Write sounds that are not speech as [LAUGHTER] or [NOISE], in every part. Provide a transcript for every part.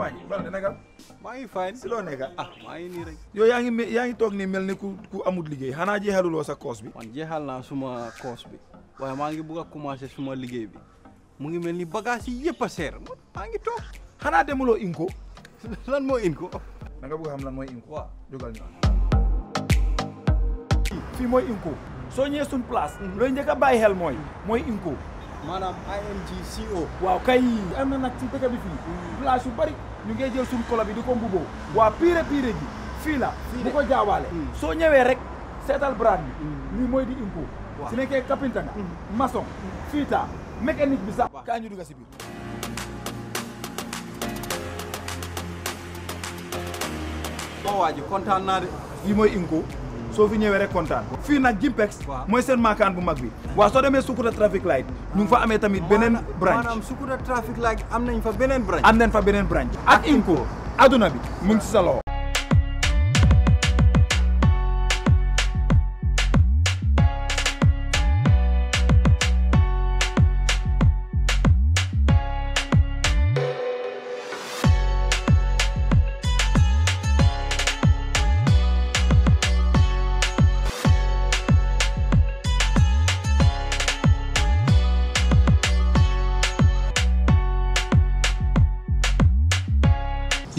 waa ji loolu ngi fay si loo nekk ah maa yaa ngi yaa ngi toog nii mel ni ku ku amut liggéey xanaa jeexaluloo sa koos bi. jeexal naa suma koos bi waaye maa ngi bugg a commencé suma liggéey bi mu ngi mel ni bagage yi yëpp a maa ngi toog. xanaa demuloo inko. [LAUGHS] lan mooy inko. da xam lan mooy inko. waaw fii mooy inko soo ñëwee suñ place. Mhm. looy njëkk a bàyyi xel mooy. mooy inko. maanaam IMG CO. waaw kay. am na nag ci dëkk bi fii. Mhm. place yu bari. ñu ngey jël suñu kolo bi di ko mbuboo waa pire pire ji fii la bu ko jaawaale hmm. soo ñëwee rek seetal brand bi hmm. lii mooy di impôt si nekkee kapinta nga hmm. maçon fiita mécanique bi sax kaa ñu si biir ji kontaan naa de lii mooy impôt soo fi ñëwee rek kontaan fii nag Jimpex mooy seen maakaan bu mag bi waaw soo demee Sukuta traffic light Não ngi fa amee tamit beneen branch maanaam Sukuta traffic light am nañ fa beneen branch am nañ fa Benen branch ak Inco aduna bi mu ngi si sa loxo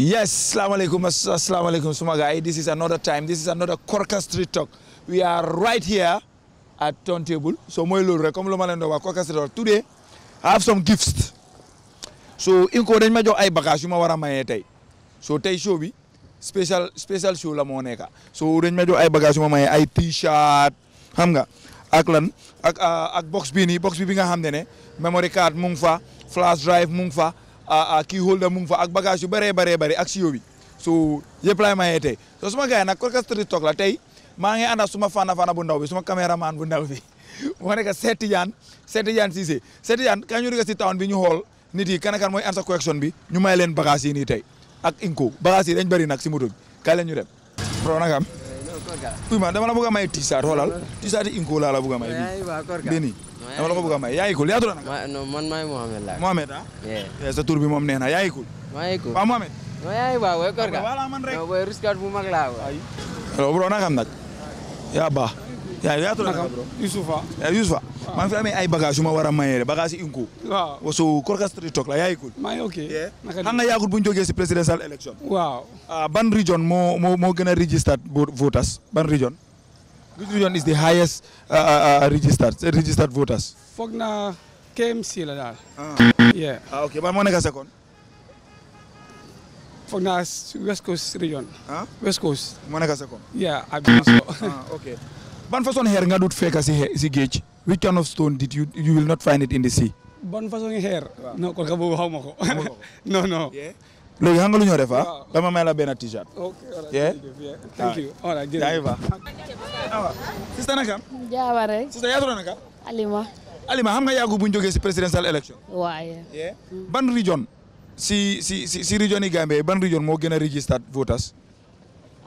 Yes, Assalamualaikum, Assalamualaikum Sumagai. This is another time. This is another Korka Street Talk. We are right here at Turntable. So moy lolu comme luma len do wax Korka Street Talk. Today have some gifts. So inko dañ ma jox ay bagage yu ma wara maye tay. So tay show bi special special show la moo nekka. So dañ ma ay bagage yu ma maye ay t-shirt, xam nga ak lan ak ah, ak box bi ni box bi bi nga xam ne ne memory card mu fa flash drive mu fa kii holder mu ngi fa ak bagage yu bëree bëree bëri ak siyo bi so yëpp laay mayee tey so suma gars yi nag Korka Street la tey maa ngi ànd ak suma fana fana bu ndaw bi suma caméraman bu ndaw bi [LAUGHS] moo nekk Cheikh Tidiane Cheikh Tidiane Cissé Cheikh ñu dugg si town bi ñu xool nit yi kan mooy answer collection bi ñu may leen bagage yi nii tey ak Inco bagage yi dañ bëri nag si moto bi kaay leen ñu dem uy ma dama la bëgg a may tiisaat xoolal tiisaat yi inko laa la bëgg a may bi bini dama la ko bëgg a may yaa yikul yaa Mohamed laa Mohamed ah eh, sa tur bi moom neex na yaa yikul Mohamed waaye waaw waaye Korka waaw waaye ruskat bu Yusufa Yusufa ah. fi amee ay bagage ma war a mayee bagage yi inko waaw wasu la yaa yikul maa ngi ok xam bu ñu jógee si presidential election waaw ah, ban moo moo gën a registered voters ban region which ah, eh, registered voters foog na KMC la daal ah ok ba moo nekk second foog naa [LAUGHS] ban façon xeer nga dut fekk si si géej which kind of stone did you will not find it in the sea. ban façon xeer. waaw kon ka boobu xaw ma ko. [LAUGHS] non non. léegi xam nga lu ñoo def ah. dama t-shirt. ok thank you. voilà jërëjëf awa sista naka. jaabare. sista yaa Alima. Alima xam nga yàggu bu si presidential election. waaye. ban region si si si si region yi ban region moo gën a registered voters.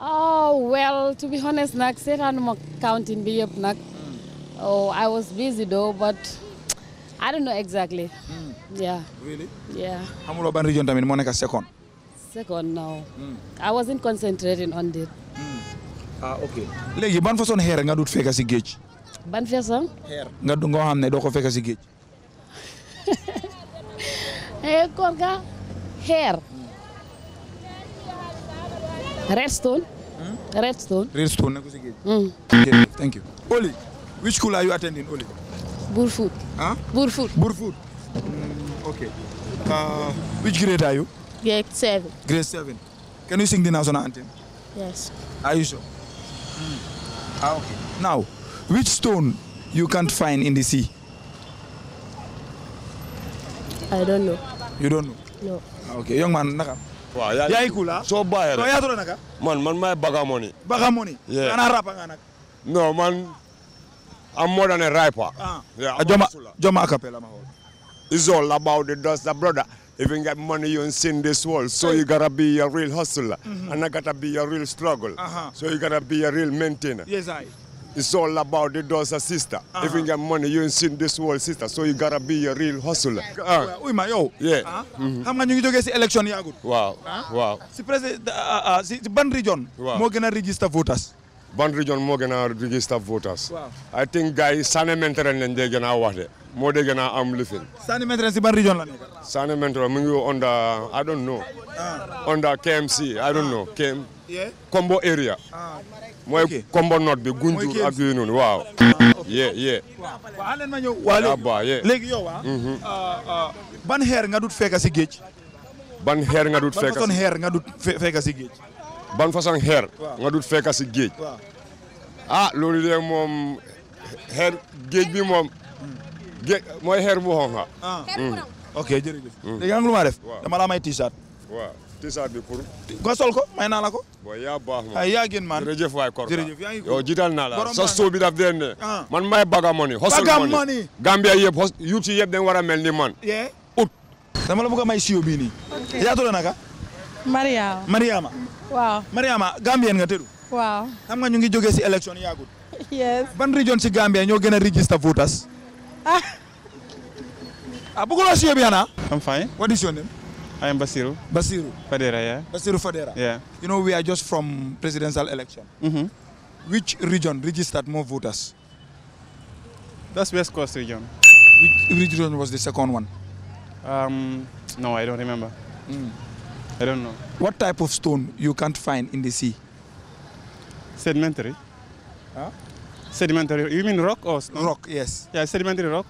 Oh, well, to be honest, nak, Setan County in Biyop, nak. Hmm. Oh, I was busy though, but I don't know exactly. Mm. Yeah. Really? Yeah. Hamulo ban region tamin mo neka second. Second now. Mm. I wasn't concentrating on it. Mm. Ah, okay. Legi ban façon hair nga dut fekk ci geej? Ban fason Hair. Nga du nga xamne do ko fekk ci geej. [LAUGHS] Eh, korka hair. Hmm. Redstone. Redstone. Redstone na mm. ko Oli which school are you attending Oli. Burfoot. ah Burfoot. Burfoot. Mm, uh, which grade are you. grade seven. can you sing the national anthem. yes. are you sure. Mm. ah okay. now which stone you can't find in the sea. I don't know. you don't know. no. Ah, young man naka. So yaa ngi ku la ah? soo bàyyee rek non yaa tudd naka man man maay Bagamoni Bagamoni ana rap nga No man I'm more than a rapper ah yeah, ah, Joma Joma acapella It's all about the dust the brother if you get money you ain't seen this world so you gotta be a real hustler mm -hmm. and I gotta be a real struggle uh -huh. so you gotta be a real maintainer yes I It's all about the daughter sister. Uh -huh. If you uh-huh. get money, you ain't seen this world sister. So you gotta be a real hustler. Uh. Uy ma yow. Yeah. Uh-huh. Mm-hmm. Xam nga ñu ngi jógee si élection yàggul. waaw uh-huh. waaw. si président uh, uh, uh, si ban region. wow. moo gën a register voters. ban region mo gëna register voters. wow. I think gars sané Sani lañ dé gëna wax dé mo dé gëna am lifin. Sani Menteren si ban region la nekk. Sani Menteren mu ngi under I don't know. Ah. under KMC I don't know yeah. Combo area. Ah. mooy Combo North bi Gunjur ak yooyu noonu waaw. Ah, yee yee. waaw leen ma ñëw waaw léegi yow mm-hmm. ah. ban xeer nga dut fekk si géej. ban xeer nga dut fekk si ban façon xeer nga dut fekk si géej. ban façon xeer. nga dut fekka si géej. ah loolu de moom xeer géej bi moom. Hmm. géej mooy xeer bu xonxa. Ah. Hmm. ok jërëjëf. Hmm. léegi nag lu ma def. dama bi pour. ko may naa ko. waaw yaa ah, waay Korka jërëjëf yaa ngi yow sa soo daf dee ne. Ah. man may Bagamoni. Bagamoni Gambia yëpp xos yu ci yëpp dañu war a mel ni man. ut. dama la bëgg a may siyo bii yaa tudd naka. Mariama. Wow, Mariama Gambia nga teru? Wow. xam nga ñu ngi joggé ci élection yaagut yes ban région si Gambia ño gëna register voters ah ah bëgguloo si I'm fine what is your name I am Basiru. Basiru. Fadera, yeah. Basiru Fadera. Yeah. You know, we are just from presidential election. Mm Which region registered more voters? That's West Coast region. Which region was the second one? Um, no, I don't remember. Mm. I don't know. What type of stone you can't find in the sea? Sedimentary. Huh? Sedimentary. You mean rock or stone? Rock, yes. Yeah, sedimentary rock.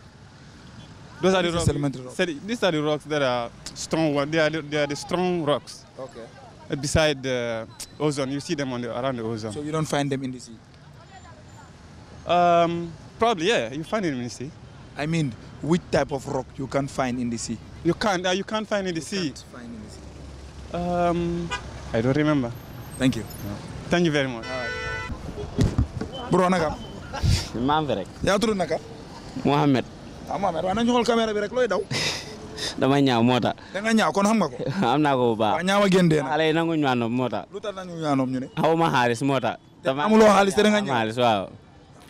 Those what are the rocks. Sedimentary rock. these are the rocks that are strong. They are the, they are the strong rocks. Okay. Uh, beside the ozone, you see them on the, around the ozone. So you don't find them in the sea. Um, probably yeah. You find them in the sea. I mean, which type of rock you can not find in the sea? You can't. Uh, you can't find in the you sea. Can't find in the sea. Um, I don't remember. Thank you. No. Thank you very much. Bro naka. maa ngi fi rek. yaa tudd naka. Mohamed. ah Mohamed waaw nañu xool caméra bi rek looy daw. [LAUGHS] dama ñaaw moo tax. da nga ñaaw kon xam nga ko. [LAUGHS] am naa ko bu baax. waaw ñaaw a génn dee na. xale yi nangu ñu àndoom moo tax. lu tax nañu ñu àndoom ñu ne. xaw ma xaalis moo tax. amuloo xaalis te da nga ñaaw xaalis waaw.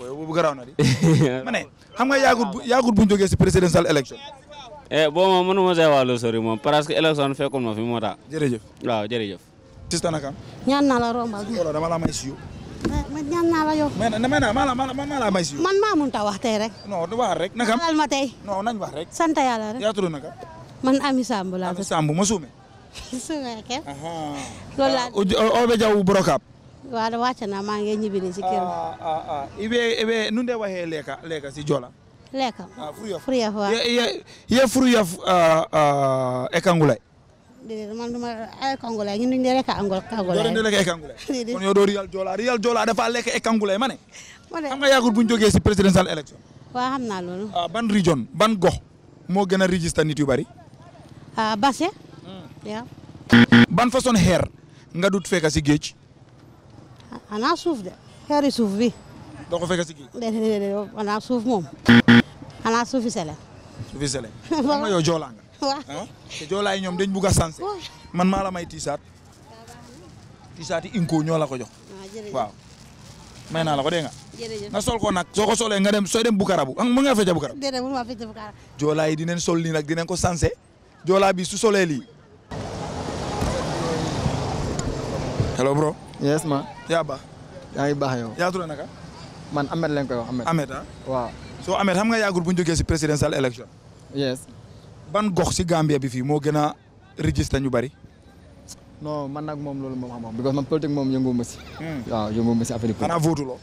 boobu garaaw na di. [LAUGHS] ma ne xam nga yaagut bu yaagut bu ñu jógee si présidentielle élection. Eh, boo ma see wax lu sori moom parce que élection fekkul ma fi moo tax. jërëjëf waaw jërëjëf. sista naka. ñaan naa la rombal. dama la may siyo. Eh, man ñaan naa la yow. mais nag mais nag maa la maa la a wax ma tey. non nañ wax rek. sant yàlla rek. yaa tudd naka. man Ami Samb laa. Ami Samb ma suume. [LAUGHS] suume ke. loolu laa. Ah, obe Jaw Brokap. waaw wàcc naa si kër. i bee i bee nu dee waxee leeka lekam furiyaf wa ye furiyaf e kangulay man duma e kangulay ñun leka lekk angol kangulay do leka e kangulay kon yo do real jola real jola dafa lekk e kangulay mané xam nga yagul buñ joggé ya ci presidential election wa xamna lolu ah, ban region ban gox mo gëna register nit yu bari ah basse ya? Hmm. ya ban façon xeer nga dut fekk ci geej ana suuf de xeeri suuf bi doko fekk ci geej de de de ana suuf mom xanaa suufi sele suufi sele xam [LAUGHS] yo jola nga wa jola joolaa yi ñoom dañ bu ga sansé man maa la may tisat tiisaat yi inko ñola ko jox ah, wa may la ko de nga na sol ko nak soko solé nga dem so dem bu karabu ma nga fecca bukarabu déedéet mu ma bu karabu jola yi dinañ sol nii nag dinañ ko sansé jola bi su solé li hello bro yes ma ya ba ya ba yo. ya tu tudd naka man amel len koy wax amel Ahmed ah So amer xam nga yagul buñ ñu ci si présidential election. yes. ban gox ci Gambia bi fi mo gëna register ñu bari. non man nak mom loolu mom xam mom because man politique mom yëngu ma ci hmm. waaw yëngu ma ci afrique ana xanaa votu loo.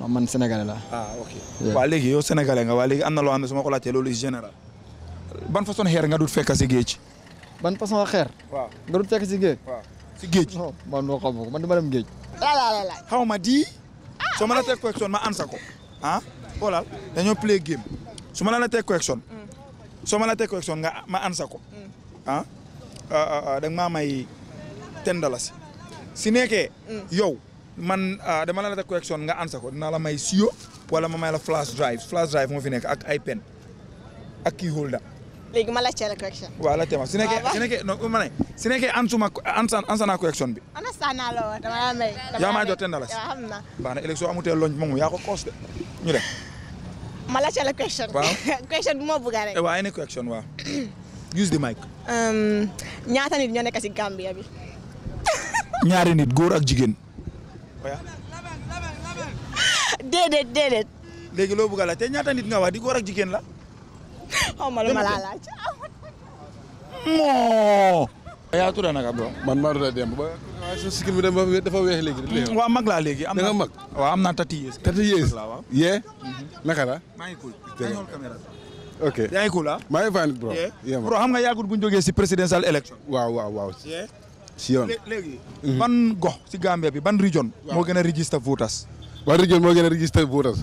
non man sénégalais la. ah ok wa légui yo sénégalais nga wa légui amna lo loo xam ko laajtee loolu is général. ban façon xeer nga dut fekk si géej. ban façon xeer. waaw nga dut fekk si géej. waaw si géej. non man xam ko man dama dem La la la la la xawma di. So ma la question ma ansa ko ah. xoolal dañoo play game su ma la natee correction soo ma natee correction nga ma ansa ko ah, ah, ah, ah da maa may ten dalasi si nekkee yow man dama la natee correction nga ansa ko dinaa la may siyo wala ma may la flash drive flash drive moo fi nekk ak ay pen ak key holder léegi ma laajte la correction. waaw laajte ma su nekkee su ma ne su nekkee ansuma ansa ansanaa correction bi. ansanaa la woon yaa maa jot ten dalasi. waaw xam naa. baax na élection amutee loñ moom yaa ko koos de ñu dem. ma laajte la question. [LAUGHS] question bu ma bëgg eh, any question waaw. [CLEARS THROAT] use the mic. Um, ñaata nit ñoo nekk bi. [LAUGHS] ñaari nit góor ak jigéen. waaw. [LAUGHS] loo bëgg a nit nga wax di góor ak jigéen la. xaw ma waaye sa sikkin bi dafa weex léegi. waaw mag léegi. am naa da nga mag waaw am naa tati yees. yee. naka la. maa ngi cool ok ah? xam nga yàggul bu ñu jógee si présidential election. waaw waaw waaw. si yoon mhm. ban gox si Gambie bi ban région. moo gën a register voters. ban région moo gën a voters.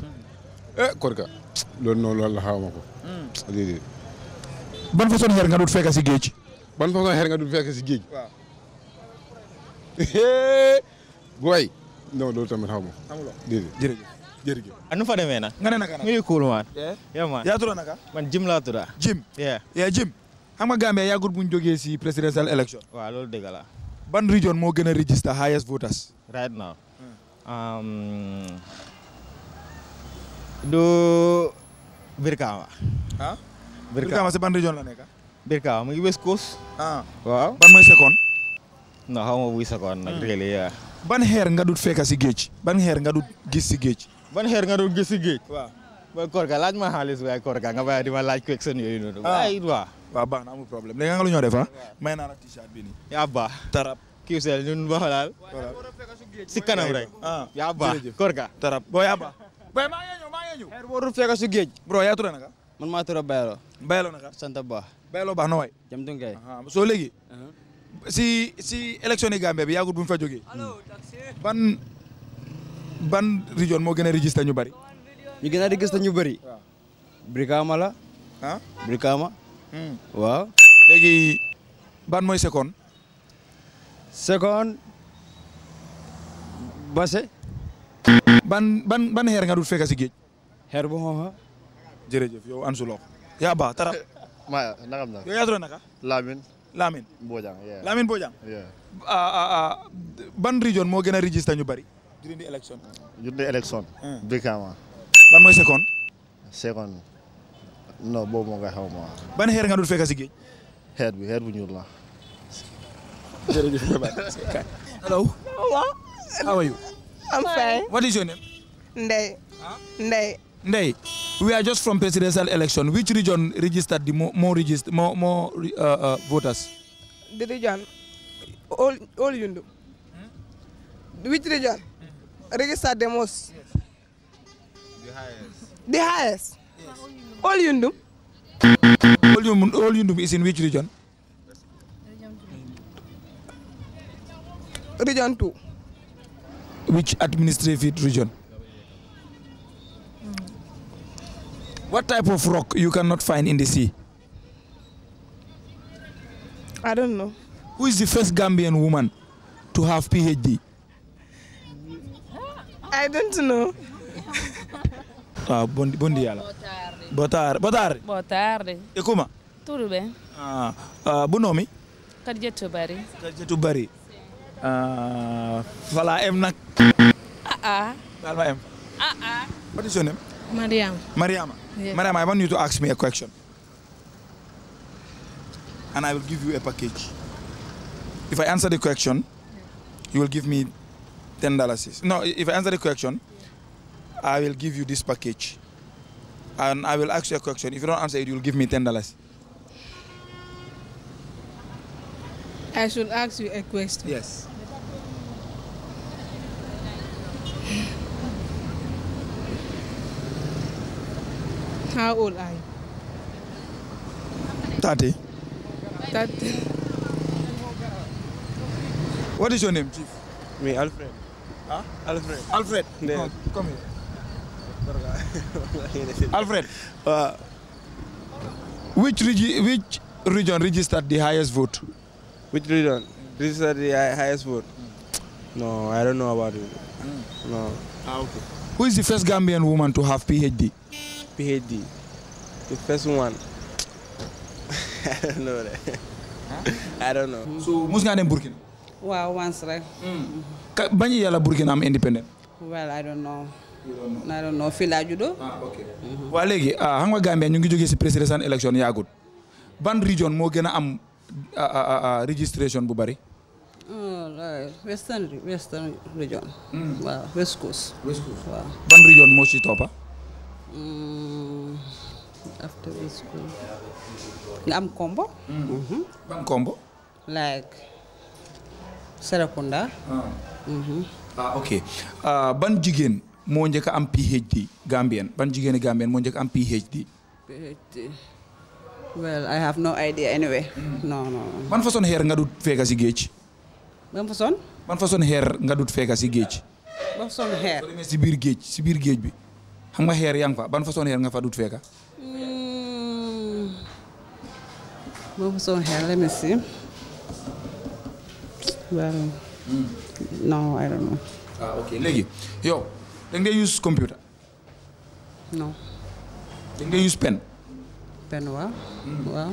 eh Korka. loolu noonu loolu la xawma ko. Hmm. ban façon xeer nga dut si géej. ban façon xeer nga dut si géej. [LAUGHS] way non loolu tamit xaw ma. xamuloo jërëjëf ah, fa demee nag. nga ne naka nag muy cool man. yaa man naka. man Jim laa tudd. Jim. yaa Jim. xam nga Gambia yàggul bu ñu jógee si presidential election. waaw loolu dëgg ban region moo gën a register highest voters. right now. Hmm. Um, du Brikama. ah. si ban région la nekk. Brikama mu ngi West Coast. Ah. waaw ban mooy second. no xawma ma buy sakoon nak reele ya ban xeer nga dut fekk si geej ban xeer nga dut gis si geej ban xeer nga dut gis si geej wa ko korka laaj ma way ko korka nga baye di ma laaj ko ak sen yooyu non ah. way wa wa ba na amu problème léegi nga lu ñoo def ha may na t-shirt bi Ya, ba Tarap. ki kiusel ñun ba xalaal si kanam rek ba ah. ko korka Tarap. bo ya ba bay ma ñu ma ñu xeer dut fekk si geej bro yaa tura naka man tu tura baylo baylo naka santa ba baylo ba no way jam dunkay soo si si élection yi Gambie bi yàggul buñ fa joggé ban ban région mo gëna register ñu bari. ñu gëna register ñu bari. Brikama la. han Brikama. Hmm. waaw. légui ban moy seconde. seconde Basse. ban ban ban her nga dul fekk ci géej. her bu jere jërëjëf yow Ansu Lo yaa ba tara. [LAUGHS] maa na yow ya dro naka. Lamine. Lamine. Bojang yeah. Lamine Bojang. yeah. ah, ah, ah ban région moo gën a register ñu bari. during the election. during the election. Ah. ban mooy second. second non boobu moo nga xaw ma. ban xeer nga fekk si géej. xeer bi xeer bu ñuul la. jërëjëf hello. hello. how are you. Nay, we are just from presidential election. Which region registered the more more, more, more uh, uh, voters? The region, all all you Hmm? Which region hmm. registered the most? Yes. The highest. The highest. Yes. All Yundum. All Yundum. All Yundum is in which region? Region two. Which administrative region? What type of rock you cannot find in the sea? Who is the first Gambian woman to have PhD? I don't know. [LAUGHS] ah, bom, bom dia. Boa tarde. Boa tarde. Boa nak. Ah ah. Mariam. Mariam. Mariam, I want you to ask me a question. And I will give you a package. If I answer the question, you will give me ten dollars. No, if I answer the question, I will give you this package. And I will ask you a question. If you don't answer it, you will give me ten dollars. I should ask you a question. Yes. How old are you? 30. 30. What is your name, Chief? Me, Alfred. Huh? Alfred. Alfred. Come, come here. [LAUGHS] Alfred. Uh, which, regi which region registered the highest vote? Which region registered the highest vote? Mm. No, I don't know about it. Mm. No. Ah, okay. Who is the first Gambian woman to have PhD? PhD, the first one. [LAUGHS] I don't know that. Huh? [LAUGHS] I don't know. So, mos waaw once rek. Hmm. bañ yàlla Burkina am independent. well I fii laa juddoo. ah ok. Mhm. waa léegi ah, xam nga ñu ngi jógee si presidential election yaagut ban region moo gën a am ah, ah, registration bu bari. Oh, western western hmm. moo ci toppa Mm, after school nga am combo. ban mm-hmm. combo. like Serekunda. Ah. Mm-hmm. Ah, ah, ban jigéen moo njëkk a am PhD Gambien ban jigéeni Gambien moo njëkk a am PhD. well I have no idea anyway. non mm. non ban façon xeer nga dut fekka si géej. ban façon. ban façon xeer nga dut fekka si géej. ban façon xeer. soo géej si biir géej bi. xam nga xeer yaa ngi fa ban façon xeer nga fa dut fekka hmm. boo façon xeer la merci I don't know ah, léegi yow da nga use computer non da nga use pen pen waaw hmm. waaw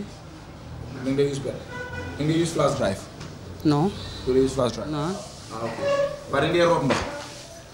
da nga use pen da nga use flash drive non da nga use flash non ah ok bari nga root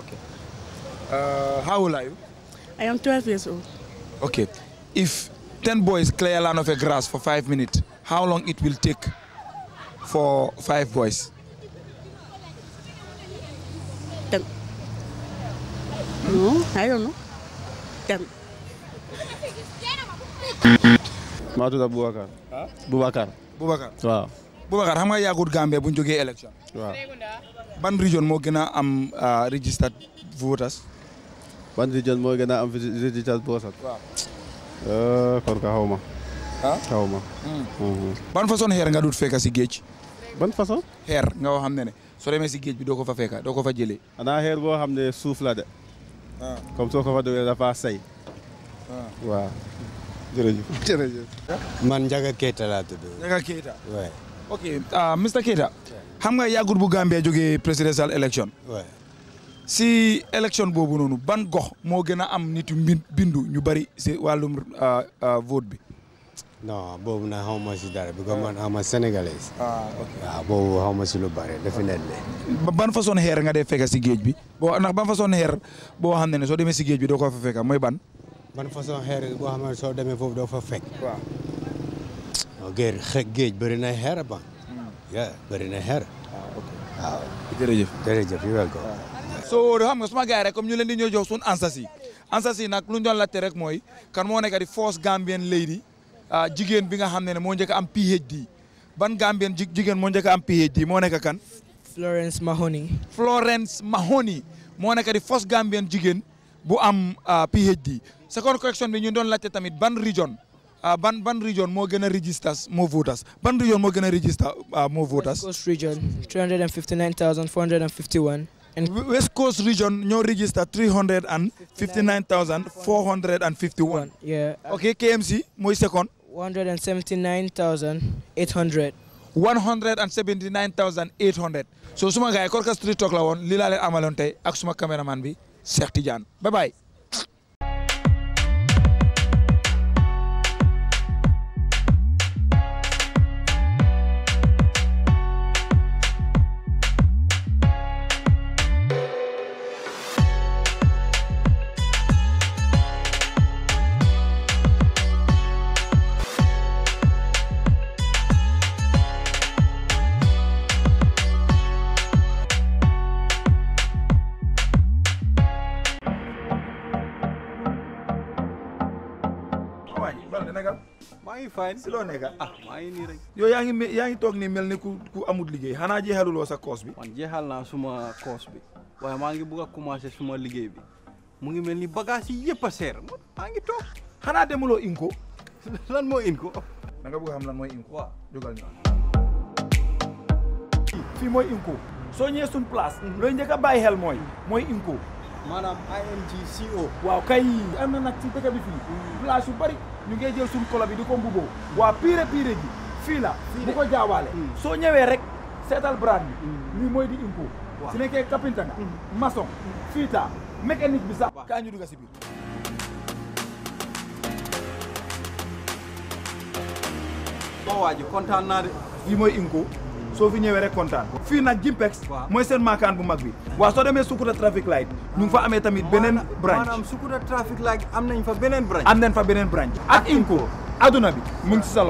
Okay. Uh, how old are you? I am 12 years old. Okay. If 10 boys clear a land of a grass for five minutes, how long it will take for five boys? Ten. No, I don't know. Ten. maa tudd Boubacar. Boubacar. Boubacar waaw. Boubacar xam nga yàggut Gambie bu ñu jógee élection. waaw ban région moo gën a am ah, registered voters. ban région moo gën a am registered voters. waaw. Euh, kon ka xaw ma. Ah? xaw ma. Hmm. Mhm. ban façon xeer nga dut fekk si géej. ban façon. xeer nga xam ne ne soo si géej bi doo ko fa fekka doo ko fa jëlee. xanaa xeer boo xam ne suuf la de. Ah. comme soo ko fa dowee dafa say. waaw. [LAUGHS] man Njaga Keita laa tudd. Njaga Keita. ok xam nga yàggut bu Gambia jógee présidential election. si election boobu noonu ban gox moo gën a am nit yu bindu ñu bari si wàllum euh, euh, vote bi. non boobu nag xaw ma si dara bi comme man xaw ma sénégalais. ah ok waaw boobu xaw ma si lu bari dafa nekk de. ban façon xeer nga dee fekk si géej bi boo ndax ban façon xeer boo xam ne soo demee si géej bi doo ko fa fekk mooy ban. ban façon xeer boo xam ne soo demee foofu doo fa fekk. waaw. géej géej bëri xeer a ban. yeah bëri na ah, ah. jërëjëf jërëjëf yi welcome. Ah. xam nga suma gars rek comme ñu leen di ñoo jox suñu ansas yi ansas yi nag lu ñu doon laajte rek mooy kan moo nekk di first Gambian lady jigéen bi nga xam ne ne moo njëkk am PhD ban Gambian jigéen moo njëkk am PhD moo nekk kan. Florence Mahoney. Florence Mahoney moo nekk di first Gambian jigéen bu am PhD second question bi ñu doon laajte tamit ban region. Ah, ban ban région moo gën a registers moo voters ban région moo gën a register moo voters. Ah, West Coast region 359,451. West Coast region ñoo register 359,451. yeah. ok KMC mooy second. 179,800. 179,800. so suma ga yi Korka Street Talk la woon lii laa leen amaloon tey ak suma caméraman bi Cheikh Tidiane bye fine loo nekk ah maa ngi rek. yow yaa ngi yaa ngi toog nii mel ni ku ku amut liggéey xanaa jeexaluloo sa course bi. jeexal naa suma course bi maa ngi bugg a commencé suma liggéey bi mu ngi mel ni bagage yi yëpp a seer maa ngi toog. xanaa demuloo inko. [LAUGHS] lan moo inko. da xam lan mooy inko. waaw fii mooy inko. soo ñëwee suñ place. Mhm. looy njëkk a bàyyi xel mooy. mooy inko. maanaam ING CO. waaw kay am na nag ci dëkk bi fii. Mhm. place yu bari. ñu ngay jël suñu kolo bi di ko waa pire pire ji fii la bu ko jaawaale hmm. soo ñëwee rek seetal brand bi hmm. lii mooy di impo si nekkee kapinta nga hmm. maçon fiita mécanique bi sax kaa ñu si biir ji kontaan naa de lii mooy inko soo fi ñëwee rek kontaan fii nag Jimpex mooy seen maakaan bu mag bi waaw soo demee da traffic light ñu ngi fa amee Benen beneen branch maanaam da traffic light am nañ fa Benen branch am nañ fa Benen branch ak Inco aduna bi mu ngi